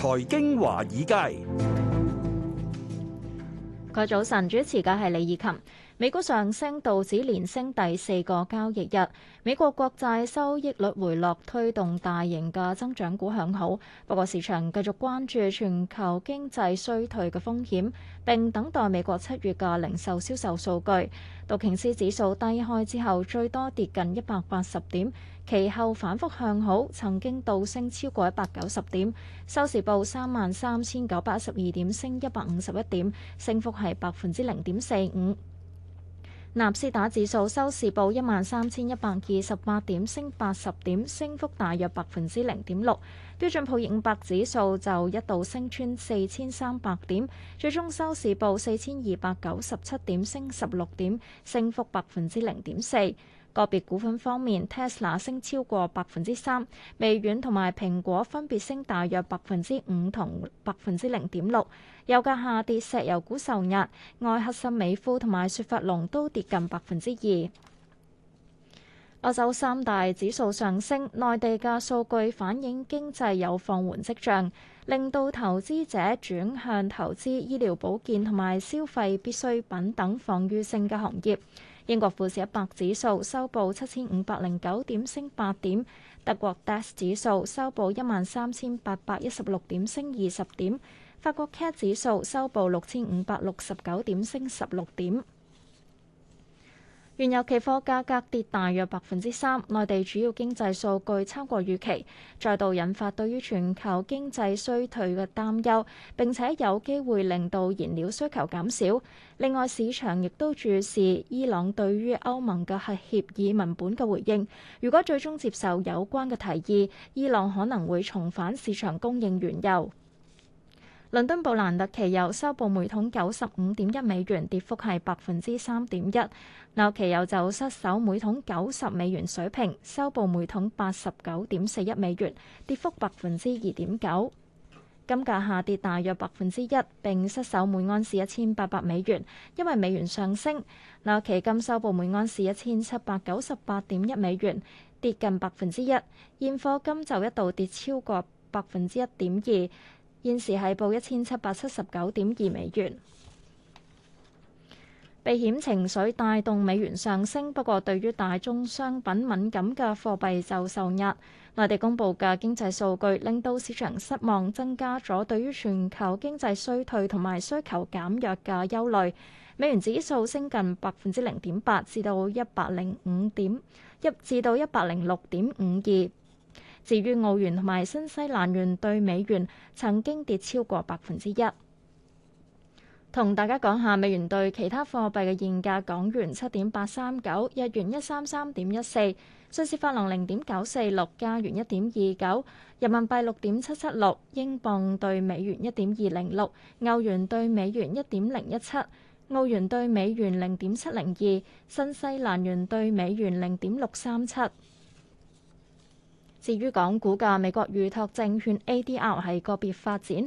財經華爾街，個早晨主持嘅係李怡琴。美股上升，道指連升第四個交易日。美國國債收益率回落，推動大型嘅增長股向好。不過市場繼續關注全球經濟衰退嘅風險，並等待美國七月嘅零售銷售數據。道瓊斯指數低開之後，最多跌近一百八十點，其後反復向好，曾經倒升超過一百九十點。收市報三萬三千九百十二點，升一百五十一點，升幅係百分之零點四五。納斯達指數收市報一萬三千一百二十八點，升八十點，升幅大約百分之零點六。標準普爾五百指數就一度升穿四千三百點，最終收市報四千二百九十七點，升十六點，升幅百分之零點四。個別股份方面，Tesla 升超過百分之三，微軟同埋蘋果分別升大約百分之五同百分之零點六。油價下跌，石油股受壓，愛克森美孚同埋雪佛龍都跌近百分之二。亞洲三大指數上升，內地嘅數據反映經濟有放緩跡象，令到投資者轉向投資醫療保健同埋消費必需品等防御性嘅行業。英國富時一百指數收報七千五百零九點，升八點。德國 DAX 指數收報一萬三千八百一十六點，升二十點。法國 CAC 指數收報六千五百六十九點，升十六點。原油期貨價格跌大約百分之三，內地主要經濟數據差過預期，再度引發對於全球經濟衰退嘅擔憂，並且有機會令到燃料需求減少。另外，市場亦都注視伊朗對於歐盟嘅核協議文本嘅回應，如果最終接受有關嘅提議，伊朗可能會重返市場供應原油。倫敦布蘭特期油收報每桶九十五點一美元，跌幅係百分之三點一。紐期油就失守每桶九十美元水平，收報每桶八十九點四一美元，跌幅百分之二點九。金價下跌大約百分之一，並失守每安士一千八百美元，因為美元上升。紐期金收報每安士一千七百九十八點一美元，跌近百分之一。現貨金就一度跌超過百分之一點二。現時係報一千七百七十九點二美元，避險情緒帶動美元上升。不過，對於大宗商品敏感嘅貨幣就受壓。內地公布嘅經濟數據令到市場失望，增加咗對於全球經濟衰退同埋需求減弱嘅憂慮。美元指數升近百分之零點八，至到一百零五點一，至到一百零六點五二。至於澳元同埋新西蘭元對美元曾經跌超過百分之一，同大家講下美元對其他貨幣嘅現價：港元七點八三九，日元一三三點一四，瑞士法郎零點九四六，加元一點二九，人民幣六點七七六，英鎊對美元一點二零六，歐元對美元一點零一七，澳元對美元零點七零二，新西蘭元對美元零點六三七。至於港股嘅美國預託證券 ADR 係個別發展，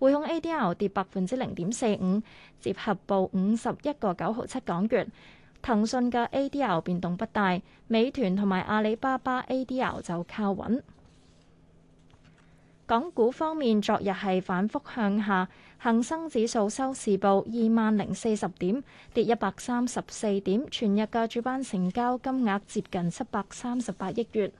匯控 ADR 跌百分之零點四五，折合報五十一個九毫七港元。騰訊嘅 ADR 變動不大，美團同埋阿里巴巴 ADR 就靠穩。港股方面，昨日係反覆向下，恒生指數收市報二萬零四十點，跌一百三十四點，全日嘅主板成交金額接近七百三十八億元。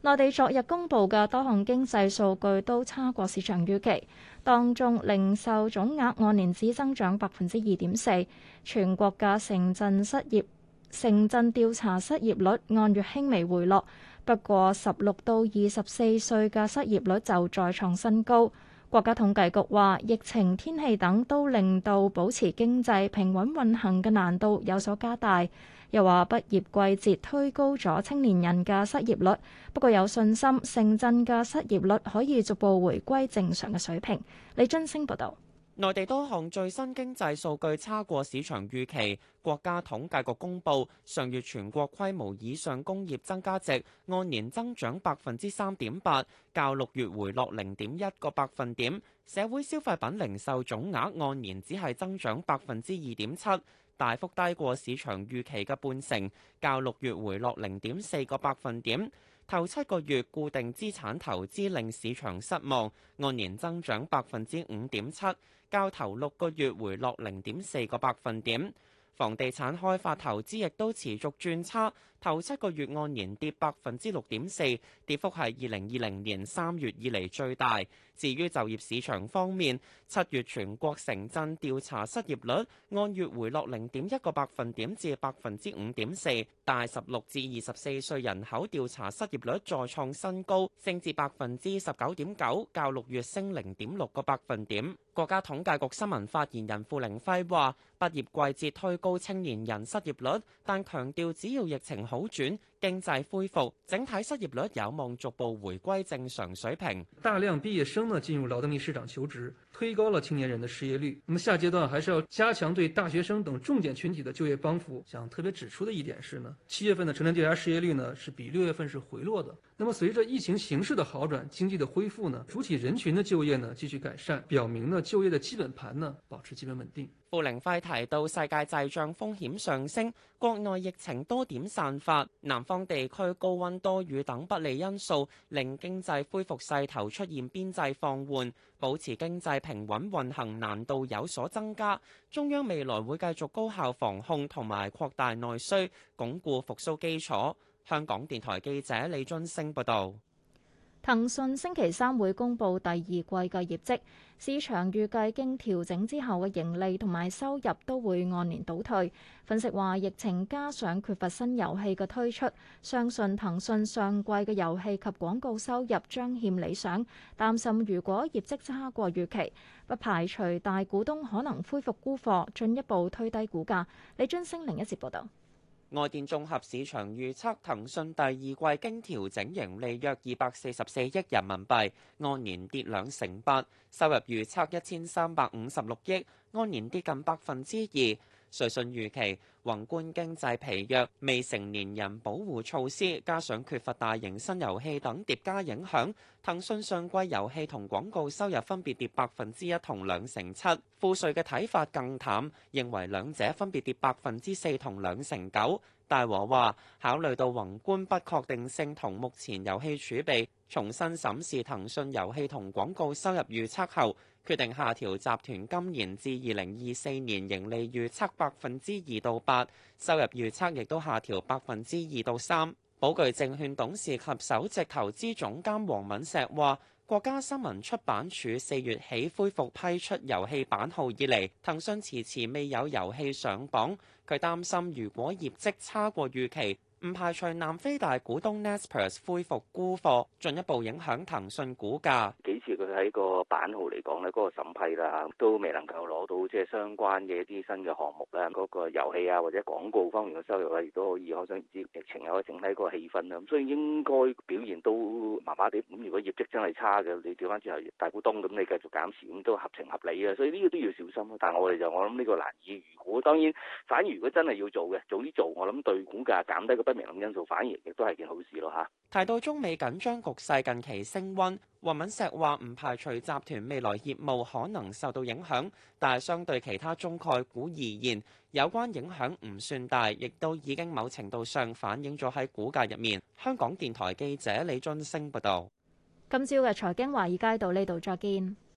內地昨日公布嘅多項經濟數據都差過市場預期，當中零售總額按年只增長百分之二點四，全國嘅城鎮失業城鎮調查失業率按月輕微回落，不過十六到二十四歲嘅失業率就再創新高。國家統計局話，疫情、天氣等都令到保持經濟平穩運行嘅難度有所加大。又話畢業季節推高咗青年人嘅失業率，不過有信心城鎮嘅失業率可以逐步回歸正常嘅水平。李津星報道。內地多項最新經濟數據差過市場預期。國家統計局公佈，上月全國規模以上工業增加值按年增長百分之三點八，較六月回落零點一個百分點。社會消費品零售總額按年只係增長百分之二點七，大幅低過市場預期嘅半成，較六月回落零點四個百分點。頭七個月固定資產投資令市場失望，按年增長百分之五點七，較頭六個月回落零點四個百分點。房地產開發投資亦都持續轉差。頭七個月按年跌百分之六點四，跌幅係二零二零年三月以嚟最大。至於就業市場方面，七月全國城鎮調查失業率按月回落零點一個百分點至百分之五點四，但十六至二十四歲人口調查失業率再創新高，升至百分之十九點九，較六月升零點六個百分點。國家統計局新聞發言人傅凌輝話：畢業季節推高青年人失業率，但強調只要疫情。好轉。經濟恢復，整體失業率有望逐步回歸正常水平。大量畢業生呢進入勞動力市場求職，推高了青年人的失業率。那麼，下階段還是要加強對大學生等重點群體的就業幫扶。想特別指出的一點是呢，七月份的城鎮調查失業率呢是比六月份是回落的。那麼，隨着疫情形勢的好轉，經濟的恢復呢，主體人群的就業呢繼續改善，表明呢就業的基本盤呢保持基本穩定。付凌暉提到，世界滯脹風險上升，國內疫情多點散發，南地方地區高溫多雨等不利因素，令經濟恢復勢頭出現邊際放緩，保持經濟平穩運行難度有所增加。中央未來會繼續高效防控同埋擴大內需，鞏固復甦基礎。香港電台記者李津升報道，騰訊星期三會公布第二季嘅業績。市場預計經調整之後嘅盈利同埋收入都會按年倒退。分析話疫情加上缺乏新遊戲嘅推出，相信騰訊上季嘅遊戲及廣告收入將欠理想。擔心如果業績差過預期，不排除大股東可能恢復沽貨，進一步推低股價。李津星另一節報導。外電綜合市場預測，騰訊第二季經調整盈利約二百四十四億人民幣，按年跌兩成八，收入預測一千三百五十六億，按年跌近百分之二。瑞信預期宏觀經濟疲弱、未成年人保護措施加上缺乏大型新遊戲等疊加影響，騰訊上季遊戲同廣告收入分別跌百分之一同兩成七。富瑞嘅睇法更淡，認為兩者分別跌百分之四同兩成九。大和話考慮到宏觀不確定性同目前遊戲儲備，重新審視騰訊遊戲同廣告收入預測後，決定下調集團今年至二零二四年盈利預測百分之二到八，8，收入預測亦都下調百分之二到三。寶具證券董事及首席投資總監黃敏石話，國家新聞出版署四月起恢復批出遊戲版號以嚟，騰訊遲遲未有遊戲上榜。佢擔心如果業績差過預期，唔排除南非大股東 Naspers 恢復沽貨，進一步影響騰訊股價。而佢喺個版號嚟講咧，嗰個審批啦，都未能夠攞到，即係相關嘅一啲新嘅項目啦。嗰個遊戲啊，或者廣告方面嘅收入啊，亦都可以。可想而知，疫情又整體個氣氛啦，咁所以應該表現都麻麻哋。咁如果業績真係差嘅，你調翻轉頭大股東咁，你繼續減持咁都合情合理啊。所以呢個都要小心。但係我哋就我諗呢個難以。如果當然，反而如果真係要做嘅，早啲做，我諗對股價減低個不明確因素，反而亦都係件好事咯。吓提到中美緊張局勢近期升溫。黃敏石話唔排除集團未來業務可能受到影響，但係相對其他中概股而言，有關影響唔算大，亦都已經某程度上反映咗喺股價入面。香港電台記者李俊升報道。今朝嘅財經華爾街到呢度再見。